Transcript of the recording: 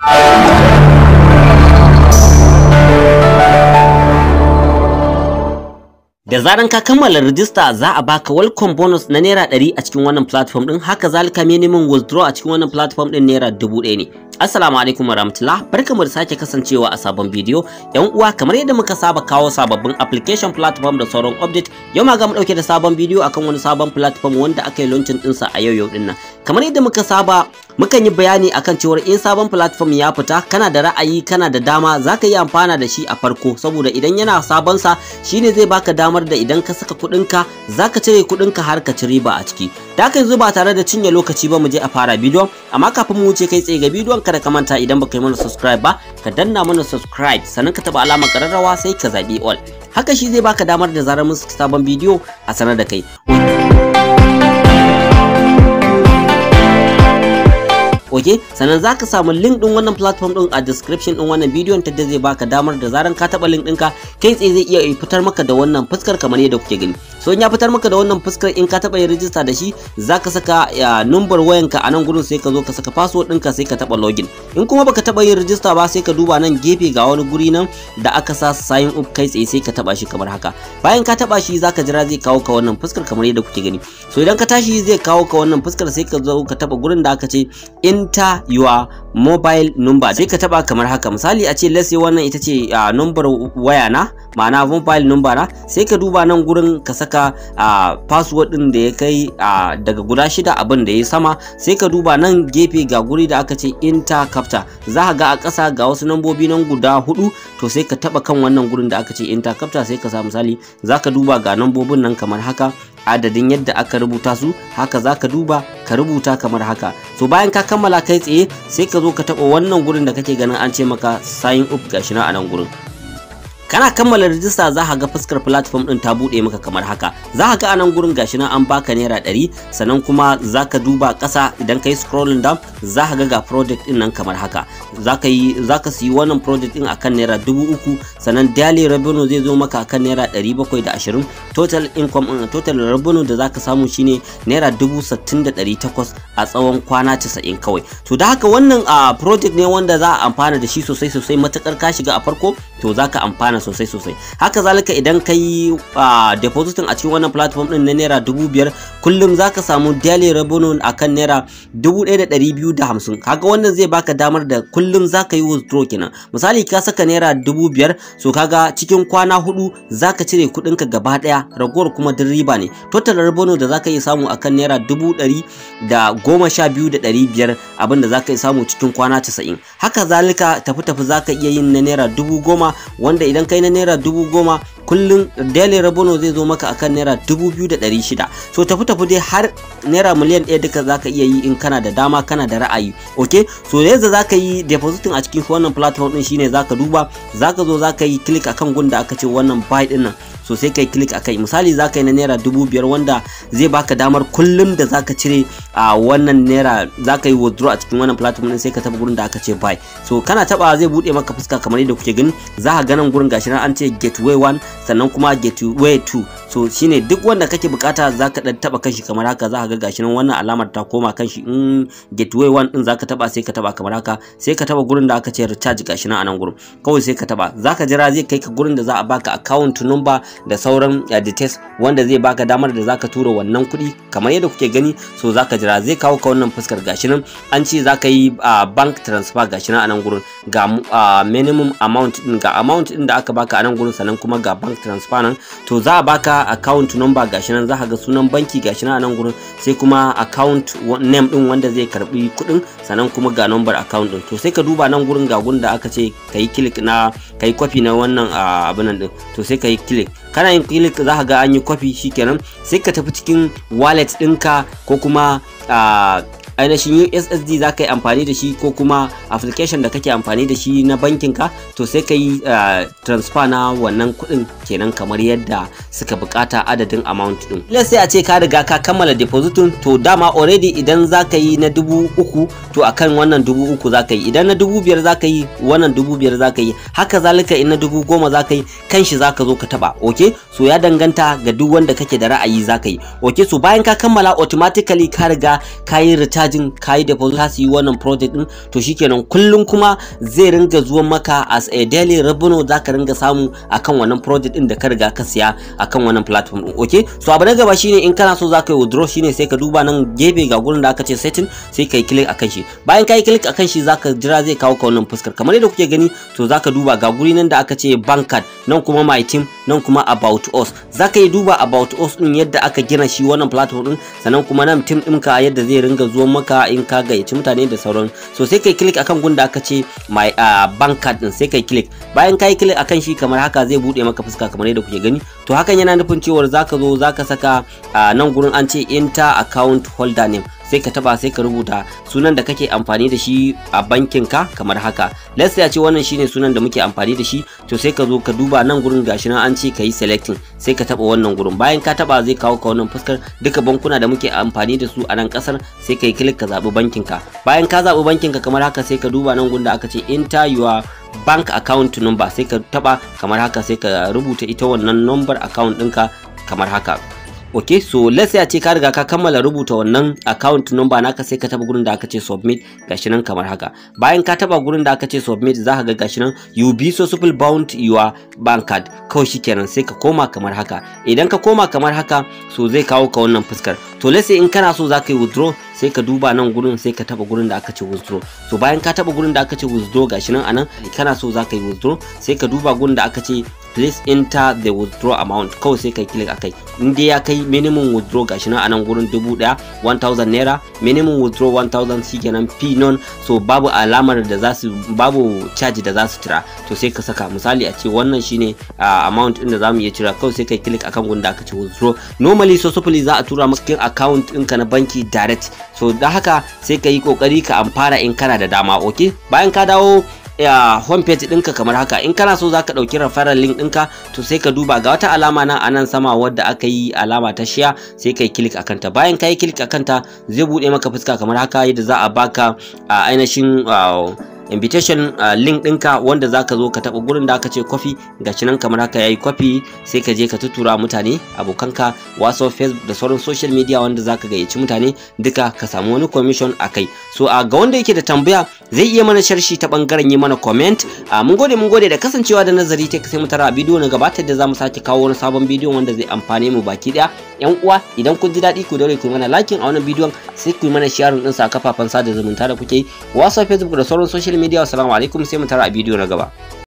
da zaran ka kammala rijista za a baka welcome bonus na naira 100 a cikin wannan platform din haka zalika minimum withdraw a cikin wannan platform din naira 1000 ne assalamu alaikum warahmatullah barkamu da sake kasancewa a sabon bidiyo yan uwa kamar yadda muka saba kawo sababbin application platform da sauran update yau ma ga mu dauke da sabon bidiyo akan wani sabon platform wanda aka yi launching din sa a yau yau din nan kamar yadda muka saba Mukan yi bayani akan cewar in sabon platform ya fita kana da ra'ayi kana da dama zaka yi amfana da shi a farko saboda idan yana sabon sa shine zai baka damar da idan ka saka kudin ka zaka cire ka har ka ci riba a ciki. Da haka yanzu ba tare da cinye lokaci ba mu je a fara bidiyon amma kafin mu wuce kai tsaye ga bidiyon kada ka manta idan baka yi mana subscribe ba ka danna mana subscribe sannan ka taba alamar kararrawa sai ka zaɓi all. Haka shi zai baka damar da zarar mun sabon bidiyo a sanar da kai. ok sannan za ka samu link ɗin wannan platform din a description din wannan bidiyon ta da zai baka damar da zaran ka taba link ka kai tsaye zai iya fitar maka da wannan fuskar kamar yadda kuke gani so in ya fitar maka da wannan fuskar in ka taba yin rijista da shi za ka saka number wayanka a nan gurin sai ka zo ka saka password ɗinka sai ka taba login in kuma baka taba yin rijista ba sai ka duba nan gefe ga wani guri nan da aka sa sign up kai tsaye sai ka taba shi kamar haka bayan ka taba shi zaka jira zai kawo ka wannan fuskar kamar yadda kuke gani so idan ka tashi zai kawo ka wannan fuskar sai ka zo ka taba gurin da aka ce in enter your mobile number sai ka taba kamar haka misali a ce let's wannan ita ce uh, number waya na ma'ana mobile number na sai ka duba nan gurin ka saka uh, password din da ya kai uh, daga guda shida abin da ya sama sai ka duba nan gefe ga guri da aka ce enter captcha za ga a ƙasa ga wasu nambobi nan guda hudu to sai ka taba kan wannan gurin da aka ce enter captcha sai ka sa misali za ka duba ga nambobin nan kamar haka adadin yadda aka rubuta su haka za ka duba ka rubuta kamar haka so bayan ka kammala kai tsaye sai ka zo ka taɓa wannan gurin da kake ganin an ce maka sign up gashi na a nan gurin kana kammala rijista za ka ga fuskar platform din ta bude maka kamar haka za ka ga anan gurin gashi nan an baka naira 100 sannan kuma za ka duba kasa idan kai scrolling down za ka ga ga project din nan kamar haka za ka yi za ka siyi wannan project din akan naira 3000 sannan daily revenue zai zo maka akan naira 720 total income din eh, total revenue da za ka samu shine naira 60800 a tsawon kwana 90 kawai to da haka wannan ah, project ne wanda za a amfana da shi sosai sosai matakar ka shiga a farko to za ka amfana sosai sosai haka zalika idan ka yi depositin a cikin wannan platform din na naira dubu biyar kullum za ka samu daily revenue a naira dubu ɗaya da ɗari biyu da hamsin kaga wannan zai baka damar da kullum za ka yi withdraw kenan misali ka saka naira dubu biyar so kaga cikin kwana hudu za ka cire ka gaba ɗaya ragowar kuma diriba riba ne total revenue da za ka yi samu akan naira dubu ɗari da goma sha biyu da ɗari biyar abinda za ka yi samu cikin kwana casa'in haka zalika tafi tafi za ka iya yin na naira dubu goma wanda idan kai na naira dubu goma kullum daily Rabono zai zo maka akan naira 2600 so tafi tafi dai har naira miliyan ɗaya duka zaka iya yi in kana da dama kana da ra'ayi ok so yanzu zaka yi depositing a cikin wannan platform din shine zaka duba zaka zo zaka yi click akan gun da aka ce wannan buy din nan so sai kai click akai misali zaka yi na naira dubu biyar wanda zai baka damar kullum da zaka cire a wannan naira zaka yi withdraw a cikin wannan platform din sai ka tafi gurin da aka ce buy so kana taba zai bude maka fuska kamar yadda kuke gani za ka ganin gurin gashi an ce gateway 1 sannan kuma gateway 2 so shine duk wanda kake bukata zaka dan taba kanshi kamar haka za ga gashi nan wannan alamar ta koma kanshi in gateway 1 din zaka taba sai ka taba kamar haka sai ka taba gurin da aka ce recharge gashi nan a nan gurin kawai sai ka taba zaka jira zai kai ka gurin da za a baka account number da sauran details wanda zai baka damar da zaka tura wannan kuɗi kamar yadda kuke gani so zaka jira zai kawo ka wannan fuskar gashi nan an ce zaka yi bank transfer gashi nan a nan gurin ga minimum amount din ga amount din da aka baka a nan gurin sannan kuma ga bank bank transfer to za a baka account number gashi nan za ga sunan banki gashi nan a nan gurin sai kuma account name din wanda zai karbi kuɗin sannan kuma ga number account din to sai ka duba nan gurin ga gunda aka ce kai click na kai copy na wannan abin nan din to sai kai click kana yin click za a ga an yi copy shikenan sai ka tafi cikin wallet ɗinka ko kuma uh, ainihin ussd za ka yi amfani da shi ko kuma application da kake amfani da shi na bankinka to sai ka yi ah, transfer na wannan kuɗin kenan kamar yadda suka bukata adadin amount ɗin ila sai a ce ka riga ka kammala depositin to dama already idan za ka yi na dubu uku to akan wannan dubu uku za ka yi idan na dubu biyar za ka yi wannan dubu biyar za ka yi haka zalika in na dubu goma za ka yi kan shi za ka zo ka taɓa ok so ya danganta ga duk wanda kake da ra'ayi za ka yi ok so bayan ka kammala automatically ka riga ka yi recharge charging kayi deposit za su yi wannan project din to shikenan kullun kuma zai ringa zuwa maka as a daily revenue za ka ringa samu akan wannan project din da ka riga ka siya akan wannan platform din okay so abu na gaba shine in kana so za ka yi withdraw shine sai ka duba nan gefe ga gurin da aka ce setting sai ka yi click akan shi bayan ka yi click akan shi za jira zai kawo ka wannan fuskar kamar yadda kuke gani to za ka duba ga guri nan da aka ce bank card nan kuma my team nan kuma about us za ka yi duba about us din yadda aka gina shi wannan platform din sannan kuma nan team ka yadda zai ringa zuwa maka in ka gayyaci mutane da sauran so sai kai click akan gunda aka ce my uh, bank card din sai kai click bayan kai click akan shi kamar haka zai bude maka fuska kamar yadda kuke gani to hakan yana nufin cewa zaka zo zaka saka uh, nan gurin an ce enter account holder name sai ka taba sai ka rubuta sunan da kake amfani da shi a bankin ka kamar haka let's say a ce wannan shine sunan da muke amfani da shi to sai ka zo ka duba nan gurin gashi nan an ce ka yi selecting sai ka taba wannan gurin bayan ka taba zai kawo ka wannan fuskar duka bankuna da muke amfani da su a nan kasar sai ka click ka zabi bankin ka bayan ka zabi bankin ka kamar haka sai ka duba nan gurin da aka ce enter your bank account number sai ka taba kamar haka sai ka rubuta ita wannan number account ɗinka kamar haka ok so let's say a ce ka riga ka kammala rubuta wannan account number naka sai ka taba gurin da aka ce submit gashi nan kamar haka bayan ka taba gurin da aka ce submit za ka ga gashi nan you be simple bound your bank card kawai shikenan sai ka koma kamar haka idan ka koma kamar haka so zai kawo ka wannan fuskar to let's say in kana so zaka yi withdraw sai ka duba nan gurin sai ka taba gurin da aka ce withdraw so bayan ka taba gurin da aka ce withdraw gashi nan anan kana so zaka yi withdraw sai ka duba gurin da aka ce please enter the withdraw amount kawai sai ka click akai in dai ya kai minimum withdraw gashi nan anan gurin dubu 1000 naira minimum withdraw 1000 shikenan p non so babu alamar da za su babu charge da za su tira to sai ka saka misali a ce wannan shine uh, ah, amount din da zamu iya cira kawai sai ka click akan gurin da aka ce withdraw normally so za a tura maka account ɗinka na banki direct so da haka sai ka yi kokari ka amfana in kana da dama ok bayan ka dawo ya homepage ɗinka kamar haka in kana so zaka ɗauki referral link ɗinka to sai ka duba ga wata alama na anan sama wadda aka yi alama ta shiya sai ka kai click a kanta bayan yi click a kanta, zai buɗe maka fuska kamar haka yadda za a baka a ainihin invitation uh, link ɗinka wanda zaka zo ka taba gurin da aka ce kwafi ga nan kamar haka yayi kwafi sai ka je ka tutura mutane abokanka waso facebook da sauran social media wanda zaka ka gayyaci mutane duka ka samu wani commission a kai so a uh, ga wanda yake da tambaya zai iya mana sharshi ta bangaren yi mana comment a uh, mun gode mun gode da kasancewa da nazari ta sai mu tara a bidiyo na gabatar da zamu sake kawo wani sabon bidiyo wanda zai amfane mu baki daya yan uwa idan kun ji daɗi ku daure ku mana liking a wannan bidiyon sai ku yi mana sharing din sa kafafen sada zumunta da kuke waso facebook da sauran social media assalamu alaikum sai mu tara a bidiyo na gaba